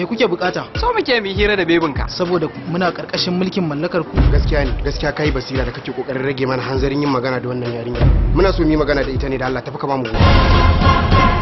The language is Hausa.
me kuke bukata so muke mu hira da bebinka saboda muna karkashin mulkin mallakar ku gaskiya ne gaskiya kai basira da kake kokarin rage mana hanzarin yin magana da wannan yarinya muna so mu yi magana da ita ne da Allah tafi ka ba mu